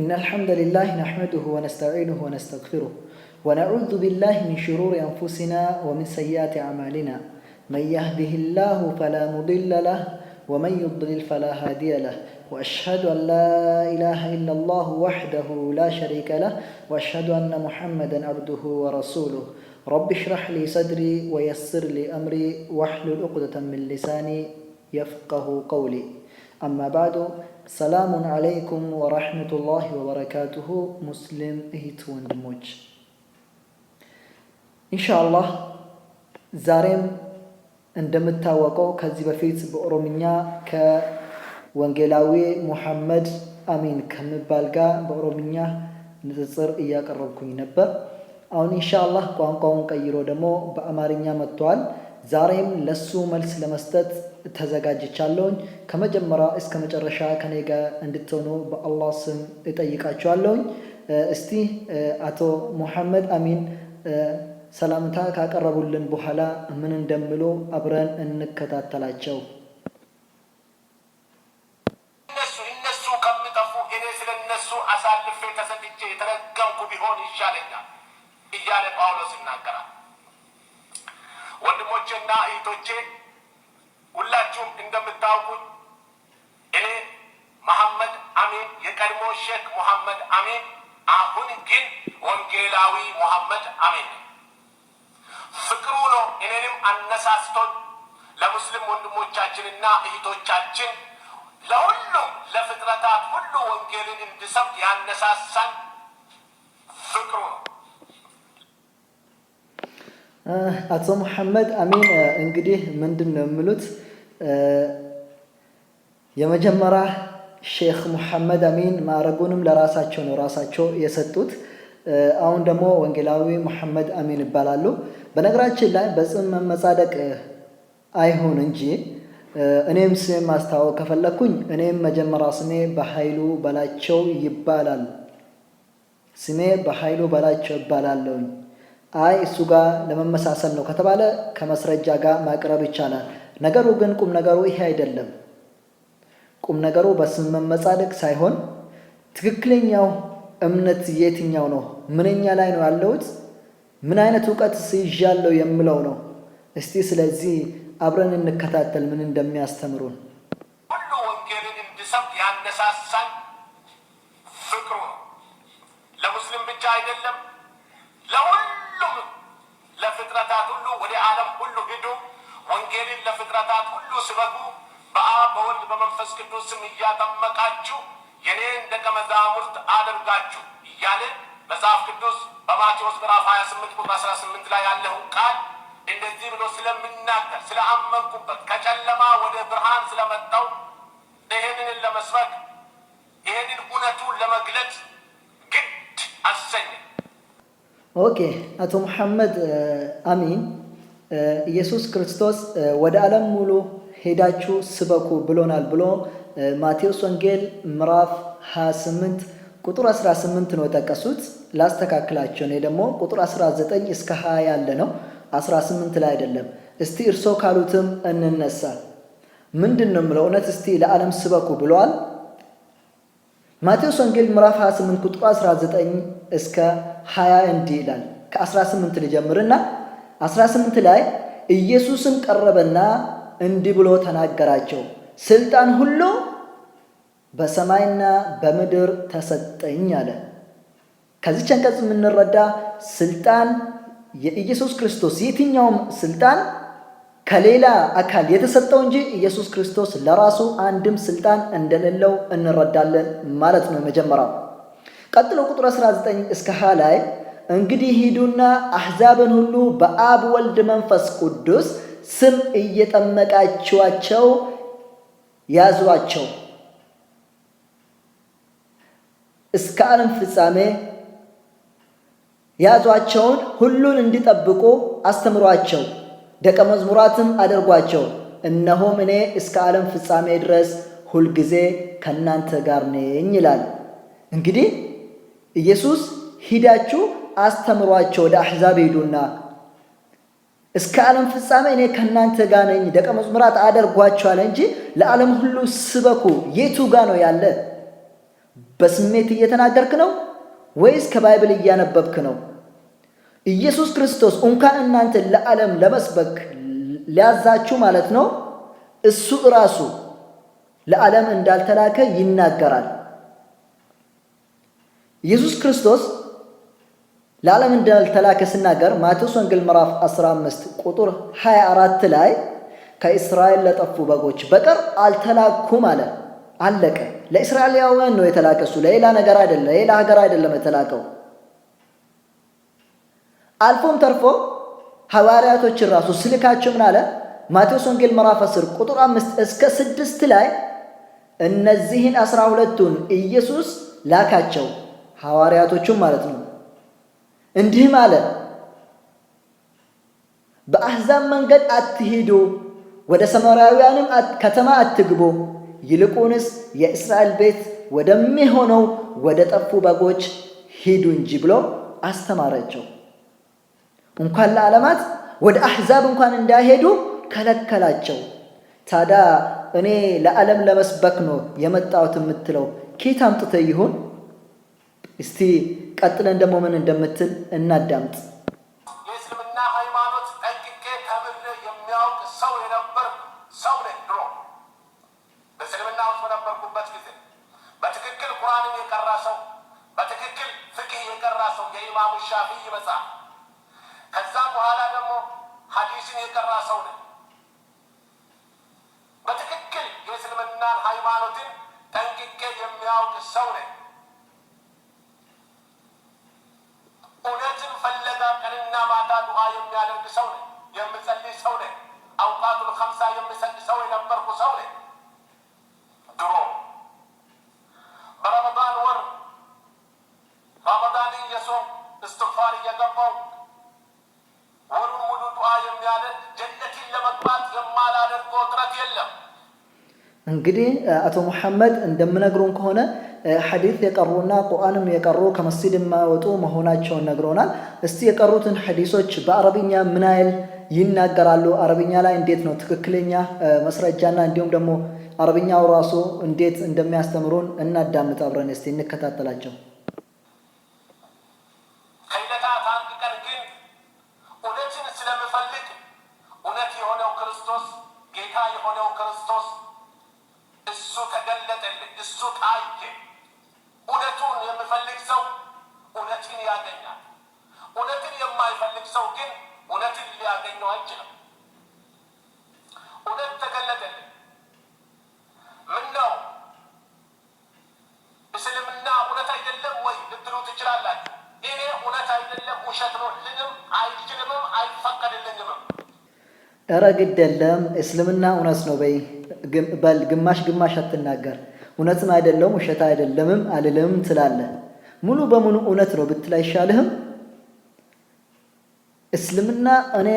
إن الحمد لله نحمده ونستعينه ونستغفره ونعوذ بالله من شرور أنفسنا ومن سيئات أعمالنا من يهده الله فلا مضل له ومن يضلل فلا هادي له وأشهد أن لا إله إلا الله وحده لا شريك له وأشهد أن محمدا عبده ورسوله رب اشرح لي صدري ويسر لي أمري واحلل عقدة من لساني يفقه قولي أما بعد السلام عليكم ورحمة الله وبركاته مسلم እህት ወንድሞች ኢንሻአላህ ዛሬም እንደምታወቀው ከዚህ በፊት በኦሮምኛ ከወንጌላዊ ሙሐመድ አሚን ከሚባል ጋር በኦሮምኛ ንጽጽር እያቀረብኩኝ ነበር። አሁን ኢንሻአላህ ቋንቋውን ቀይሮ ደግሞ በአማርኛ መጥቷል። ዛሬም ለሱ መልስ ለመስጠት ተዘጋጅቻለሁኝ። ከመጀመሪያ እስከ መጨረሻ ከኔ ጋር እንድትሆኑ በአላህ ስም እጠይቃችኋለሁኝ። እስቲ አቶ ሙሐመድ አሚን ሰላምታ ካቀረቡልን በኋላ ምን እንደምሎ አብረን እንከታተላቸው። እህቶቼ ሁላችሁም እንደምታውቁት እኔ መሐመድ አሚን የቀድሞ ሼክ መሐመድ አሚን አሁን ግን ወንጌላዊ መሐመድ አሚን ፍቅሩ ነው እኔንም አነሳስቶን ለሙስሊም ወንድሞቻችንና እህቶቻችን ለሁሉም ለፍጥረታት ሁሉ ወንጌልን እንድሰብክ ያነሳሳን ፍቅሩ ነው። አቶ መሐመድ አሚን እንግዲህ ምንድን ነው የሚሉት የመጀመሪያ ሼክ ሙሐመድ አሚን ማዕረጉንም ለራሳቸው ነው ራሳቸው የሰጡት። አሁን ደግሞ ወንጌላዊ ሙሐመድ አሚን ይባላሉ። በነገራችን ላይ በጽም መመጻደቅ አይሆን እንጂ እኔም ስም ማስታወቅ ከፈለግኩኝ እኔም መጀመሪያ ስሜ በኃይሉ በላቸው ይባላል። ስሜ በኃይሉ በላቸው ይባላለሁ። አይ እሱ ጋር ለመመሳሰል ነው ከተባለ ከመስረጃ ጋር ማቅረብ ይቻላል። ነገሩ ግን ቁም ነገሩ ይሄ አይደለም። ቁም ነገሩ በስም መመጻደቅ ሳይሆን ትክክለኛው እምነት የትኛው ነው፣ ምንኛ ላይ ነው ያለሁት፣ ምን አይነት እውቀት ስይዣለሁ የምለው ነው። እስቲ ስለዚህ አብረን እንከታተል ምን እንደሚያስተምሩን። ሁሉ ወንጌልን እንድሰብክ ያነሳሳን ፍቅሩ ነው። ለሙስሊም ብቻ አይደለም ዕለታት ሁሉ ስበኩ፣ በአብ በወልድ በመንፈስ ስም እያጠመቃችሁ የኔን ደቀ መዛሙርት አድርጋችሁ እያለ መጽሐፍ ቅዱስ በማቴዎስ ምዕራፍ 28 ቁጥር 18 ላይ ያለውን ቃል እንደዚህ ብሎ ስለምናገር ስለአመንኩበት ከጨለማ ወደ ብርሃን ስለመጣው ይህንን ለመስበክ ይህንን እውነቱን ለመግለጽ ግድ አሰኝ ኦኬ አቶ መሐመድ አሚን ኢየሱስ ክርስቶስ ወደ ዓለም ሙሉ ሄዳችሁ ስበኩ ብሎናል ብሎ ማቴዎስ ወንጌል ምዕራፍ 28 ቁጥር 18 ነው የጠቀሱት። ላስተካክላቸው፣ እኔ ደግሞ ቁጥር 19 እስከ 20 ያለ ነው 18 ላይ አይደለም። እስቲ እርሶ ካሉትም እንነሳ። ምንድን ነው የምለው? እውነት እስቲ ለዓለም ስበኩ ብሏል። ማቴዎስ ወንጌል ምዕራፍ 28 ቁጥር 19 እስከ 20 እንዲህ ይላል። ከ18 ልጀምርና 18 ላይ ኢየሱስም ቀረበና እንዲህ ብሎ ተናገራቸው፣ ስልጣን ሁሉ በሰማይና በምድር ተሰጠኝ አለ። ከዚች አንቀጽ የምንረዳ ስልጣን የኢየሱስ ክርስቶስ የትኛውም ስልጣን ከሌላ አካል የተሰጠው እንጂ ኢየሱስ ክርስቶስ ለራሱ አንድም ስልጣን እንደሌለው እንረዳለን ማለት ነው። መጀመሪያው ቀጥሎ ቁጥር 19 እስከ ሀ ላይ እንግዲህ ሂዱና አሕዛብን ሁሉ በአብ ወልድ መንፈስ ቅዱስ ስም እየጠመቃችኋቸው ያዟቸው እስከ ዓለም ፍጻሜ ያዟቸውን ሁሉን እንዲጠብቁ አስተምሯቸው፣ ደቀ መዝሙራትም አድርጓቸው። እነሆም እኔ እስከ ዓለም ፍጻሜ ድረስ ሁልጊዜ ከእናንተ ጋር ነኝ ይላል። እንግዲህ ኢየሱስ ሂዳችሁ አስተምሯቸው ወደ አሕዛብ ሄዱና እስከ ዓለም ፍጻሜ እኔ ከእናንተ ጋር ነኝ፣ ደቀ መዝሙራት አደርጓቸዋለሁ እንጂ ለዓለም ሁሉ ስበኩ። የቱ ጋር ነው ያለ? በስሜት እየተናገርክ ነው ወይስ ከባይብል እያነበብክ ነው? ኢየሱስ ክርስቶስ እንኳን እናንተ ለዓለም ለመስበክ ሊያዛችሁ ማለት ነው እሱ እራሱ ለዓለም እንዳልተላከ ይናገራል። ኢየሱስ ክርስቶስ ለዓለም እንዳልተላከ ስናገር ማቴዎስ ወንጌል ምዕራፍ 15 ቁጥር 24 ላይ ከእስራኤል ለጠፉ በጎች በቀር አልተላኩም አለ። አለቀ። ለእስራኤላውያን ነው የተላከሱ፣ ለሌላ ነገር አይደለም፣ ለሌላ ሀገር አይደለም የተላከው። አልፎም ተርፎ ሐዋርያቶችን ራሱ ስልካቸው ምን አለ? ማቴዎስ ወንጌል ምዕራፍ 10 ቁጥር 5 እስከ 6 ላይ እነዚህን አስራ ሁለቱን ኢየሱስ ላካቸው ሐዋርያቶቹም ማለት ነው እንዲህም አለ፣ በአሕዛብ መንገድ አትሂዱ፣ ወደ ሰማራውያንም ከተማ አትግቡ፣ ይልቁንስ የእስራኤል ቤት ወደሚሆነው ወደ ጠፉ በጎች ሂዱ እንጂ ብሎ አስተማራቸው። እንኳን ለዓለማት ወደ አሕዛብ እንኳን እንዳይሄዱ ከለከላቸው። ታዲያ እኔ ለዓለም ለመስበክ ነው የመጣሁት የምትለው ኬት አምጥተ ይሁን? እስቲ ቀጥለን ደግሞ ምን እንደምትል እናዳምጥ። የእስልምና ሃይማኖት ጠንቅቄ ተምሬ የሚያውቅ ሰው የነበር ሰው ነኝ። ድሮ በእስልምና ውስጥ በነበርኩበት ጊዜ በትክክል ቁርአንን የቀራ ሰው፣ በትክክል ፍቅህ የቀራ ሰው የኢማሙ ሻፊዒ መጽሐፍ፣ ከዛ በኋላ ደግሞ ሀዲስን የቀራ ሰው ነኝ። በትክክል የእስልምናን ሃይማኖትን ጠንቅቄ የሚያውቅ ሰው ነኝ። እውነትን ፈለጋ ቀንና ማታ ዱዓ የሚያደርግ ሰው ነኝ፣ የምጸልይ ሰው ነኝ፣ አውቃቱን ከምሳ የምሰድ ሰው የነበርኩ ሰው ነኝ። ድሮ በረመዳን ወር ረመዳን እየሶም እስትግፋር እየገባው ወሩ ሙሉ ዱዓ የሚያደርግ ጀነትን ለመግባት የማላደርገው ጥረት የለም። እንግዲህ አቶ መሐመድ እንደምነግሩን ከሆነ ሐዲስ የቀሩና ቁርአንም የቀሩ ከመስጂድ የማይወጡ መሆናቸውን ነግሮናል። እስቲ የቀሩትን ሐዲሶች በአረብኛ ምን ያህል ይናገራሉ? አረብኛ ላይ እንዴት ነው ትክክለኛ መስረጃና እንዲሁም ደግሞ አረብኛው ራሱ እንዴት እንደሚያስተምሩን እናዳምጥ። አብረን እስቲ እንከታተላቸው። እረ ግድ የለም እስልምና እውነት ነው በይ በል ግማሽ ግማሽ አትናገር። እውነትም አይደለም ውሸት አይደለምም አልልም ትላለህ። ሙሉ በሙሉ እውነት ነው ብትል አይሻልህም? እስልምና እኔ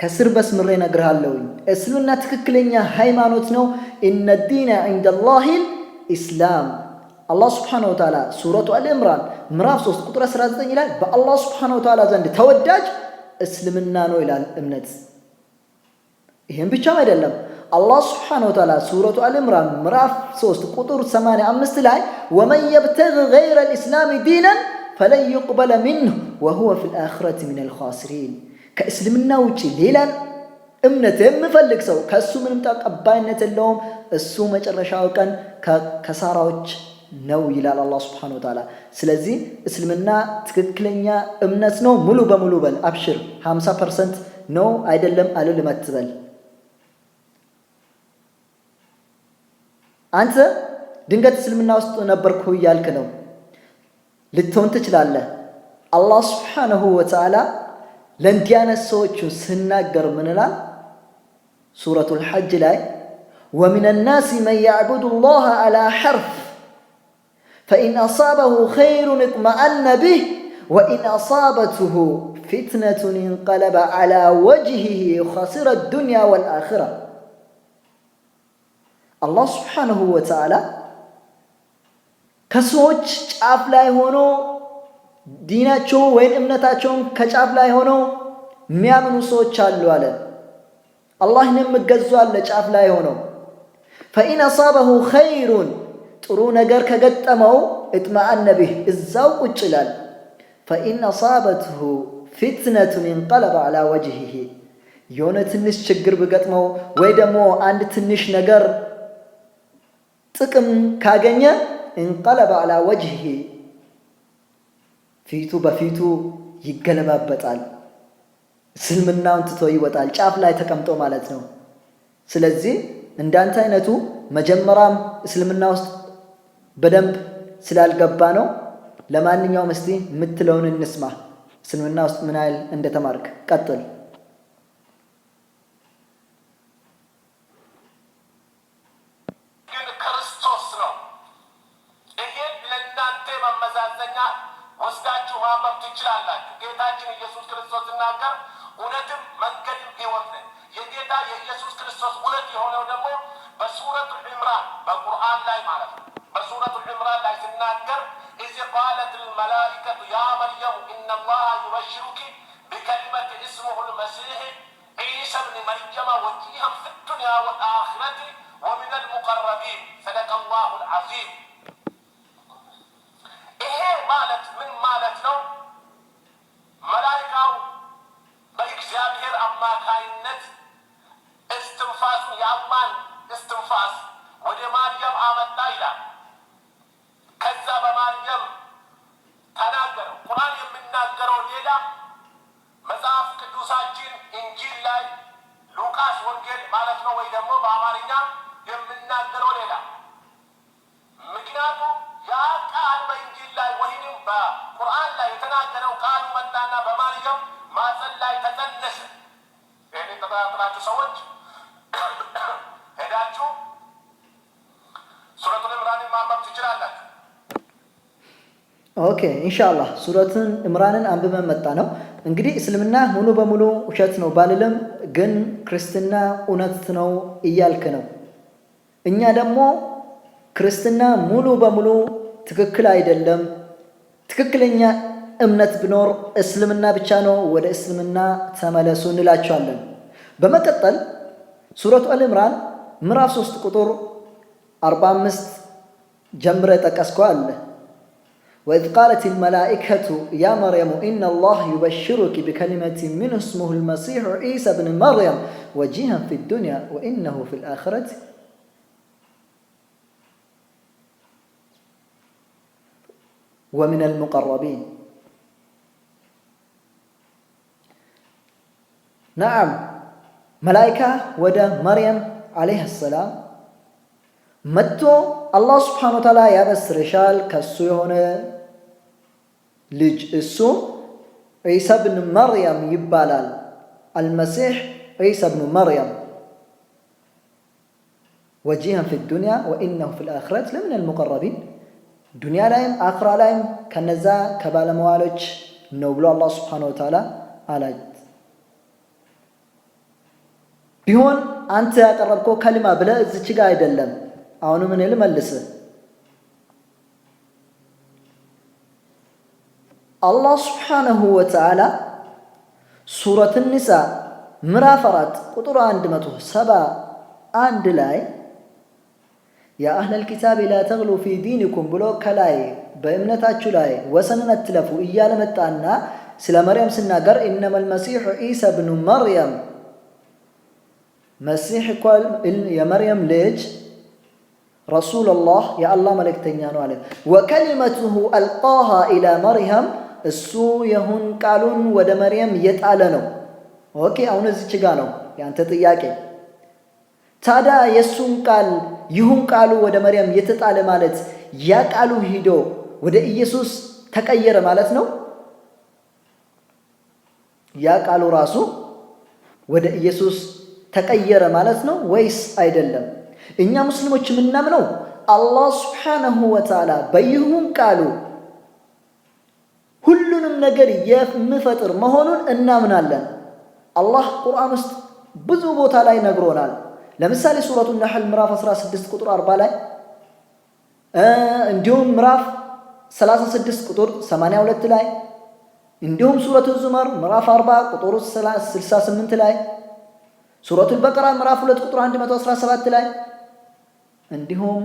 ከስር በስምሬ እነግርሃለሁኝ። እስልምና ትክክለኛ ሃይማኖት ነው። ኢነ ዲነ ዒንደላሂል ኢስላም አላህ ስብሓነሁ ወተዓላ ሱረቱ አልእምራን ምዕራፍ 3 ቁጥር 19 ይላል። በአላህ ስብሓነሁ ወተዓላ ዘንድ ተወዳጅ እስልምና ነው ይላል እምነት። ይህም ብቻም አይደለም። አላህ ስብሓነሁ ወተዓላ ሱረቱ አልዕምራን ምዕራፍ 3 ቁጥር 85 ላይ ወመን የብተግ ገይረ ልእስላሚ ዲነን ፈለን ዩቅበለ ሚንሁ ወሁወ ፊል አኺረቲ ሚነል ኻሲሪን ከእስልምና ውጪ ሌላን እምነት የሚፈልግ ሰው ከእሱ ምንም ተቀባይነት የለውም። እሱ መጨረሻው ቀን ከከሳራዎች ነው ይላል አላህ ስብሓን ወተዓላ። ስለዚህ እስልምና ትክክለኛ እምነት ነው። ሙሉ በሙሉ በል አብሽር። 50 ፐርሰንት ነው አይደለም አልልም አትበል። አንተ ድንገት እስልምና ውስጥ ነበርኩ እያልክ ነው ልትሆን ትችላለህ። አላህ ስብሓንሁ ወተዓላ ለእንዲያነት ሰዎቹ ስናገር ምንላል? ሱረቱል ሐጅ ላይ ወሚን ናሲ መን ያዕቡዱ ላህ አላ ሐርፍ ፈኢን አሳበሁ ኸይሩን እጥመአነ ቢህ ወኢን አሳበትሁ ፊትነቱን እንቀለበ ዐላ ወጅሂሂ ኸሲረ ዱንያ ወልአኺራ። አላህ ስብሓነሁ ወተዓላ ከሰዎች ጫፍ ላይ ሆኖ ዲናቸውን ወይም እምነታቸውን ከጫፍ ላይ ሆኖ የሚያምኑ ሰዎች አሉ አለ። አላህን የሚገዙ አለ ጫፍ ላይ ሆኖ ፈኢን አሳበሁ ኸይሩን ጥሩ ነገር ከገጠመው እጥማአነ ቢህ እዛው ቁጭ ይላል። ፈኢን አሳበትሁ ፊትነቱን እንቀለበ ዓላ ወጅሂሂ የሆነ ትንሽ ችግር ብገጥመው ወይ ደግሞ አንድ ትንሽ ነገር ጥቅም ካገኘ እንቀለበ ዓላ ወጅህ ፊቱ በፊቱ ይገለባበጣል። እስልምናውን ትቶ ይወጣል፣ ጫፍ ላይ ተቀምጦ ማለት ነው። ስለዚህ እንዳንተ አይነቱ መጀመሪያም እስልምና ውስጥ በደንብ ስላልገባ ነው። ለማንኛውም እስቲ የምትለውን እንስማ። እስልምና ውስጥ ምን ያህል እንደተማርክ ቀጥል። የጌታ የኢየሱስ ክርስቶስ እውነት የሆነው ደግሞ በሱረቱ ዕምራን በቁርአን ላይ ማለት ነው። فسورة العمران لا سنانكر إذ قالت الملائكة يا مريم إن الله يبشرك بكلمة اسمه المسيح عيسى بن مريم وجيها في الدنيا و من المقربين صدق الله العظيم إيه مالت من مالت نو ملائكة بلك زابير أما كاينت استنفاس يا أمان استنفاس ودي مريم عمد نايلة እንደዛ በማንገብ ተናገረው። ቁርአን የሚናገረው ሌላ መጽሐፍ ቅዱሳችን እንጂል ላይ ሉቃስ ወንጌል ማለት ነው ወይ ደግሞ በአማርኛ የምናገረው ሌላ። ምክንያቱም ያ ቃል በእንጂል ላይ ወይንም በቁርአን ላይ የተናገረው ቃሉ መጣና በማንገብ ማጸን ላይ ተጠነሰ። ይህን የተጠራጥራችሁ ሰዎች ሄዳችሁ ሱረቱል ኢምራንን ማንበብ ትችላላችሁ። ኦኬ ኢንሻአላህ ሱረትን እምራንን አንብበን መጣ ነው። እንግዲህ እስልምና ሙሉ በሙሉ ውሸት ነው ባልልም፣ ግን ክርስትና እውነት ነው እያልክ ነው። እኛ ደግሞ ክርስትና ሙሉ በሙሉ ትክክል አይደለም፣ ትክክለኛ እምነት ቢኖር እስልምና ብቻ ነው፣ ወደ እስልምና ተመለሱ እንላቸዋለን። በመቀጠል ሱረቱ አል ዕምራን ምዕራፍ 3 ቁጥር 45 ጀምረ ጠቀስከው አለ وإذ قالت الملائكة يا مريم إن الله يبشرك بكلمة منه اسمه المسيح عيسى بن مريم وجيها في الدنيا وإنه في الآخرة ومن المقربين نعم ملائكة ودى مريم عليه السلام الله سبحانه وتعالى يا بس رشال የሆነ ልጅ እሱ ዒሳ ብን መርያም ይባላል። አልመሲሕ ዒሳ ብኑ መርያም ወጂሃን ፊ ዱንያ ወኢነሁ ፊ ልአኽረት ለምን አልሙቀረቢን ዱንያ ላይም አኽራ ላይም ከነዛ ከባለመዋሎች ነው ብሎ አላህ ስብሓነሁ ወተዓላ አላት። ቢሆን አንተ ያቀረብከው ከሊማ ብለህ እዚች ጋ አይደለም። አሁንም እኔ ልመልስህ አላህ ስብሓነሁ ወተዓላ ሱረት ኒሳ ምዕራፍ አራት ቁጥር አንድ መቶ ሰባ አንድ ላይ የአህለል ኪታብ ላ ተግሉ ፊ ዲንኩም ብሎ ከላይ በእምነታችሁ ላይ ወሰንን አትለፉ እያለ መጣና ስለ መርያም ስናገር ኢነማ ልመሲሑ ዒሳ ብኑ መርያም መሲሕ እኳ የመርያም ልጅ ረሱሉላህ ላህ የአላህ መልእክተኛ ነው አለ ወከሊመቱሁ አልቃሃ ኢላ መርያም እሱ የሁን ቃሉን ወደ መርየም የጣለ ነው። ኦኬ፣ አሁን እዚች ጋ ነው ያንተ ጥያቄ። ታዲያ የእሱን ቃል ይሁን ቃሉ ወደ መርየም የተጣለ ማለት ያ ቃሉ ሂዶ ወደ ኢየሱስ ተቀየረ ማለት ነው። ያ ቃሉ ራሱ ወደ ኢየሱስ ተቀየረ ማለት ነው ወይስ አይደለም? እኛ ሙስሊሞች የምናምነው አላህ ሱብሓነሁ ወተዓላ በይሁን ቃሉ ሁሉንም ነገር የምፈጥር መሆኑን እናምናለን። አላህ ቁርአን ውስጥ ብዙ ቦታ ላይ ነግሮናል። ለምሳሌ ሱረቱ ነህል ምዕራፍ 16 ቁጥር 40 ላይ እንዲሁም ምዕራፍ 36 ቁጥር 82 ላይ እንዲሁም ሱረቱ ዙመር ምዕራፍ 40 ቁጥር 68 ላይ ሱረቱ በቀራ ምዕራፍ 2 ቁጥር 117 ላይ እንዲሁም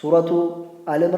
ሱረቱ አለ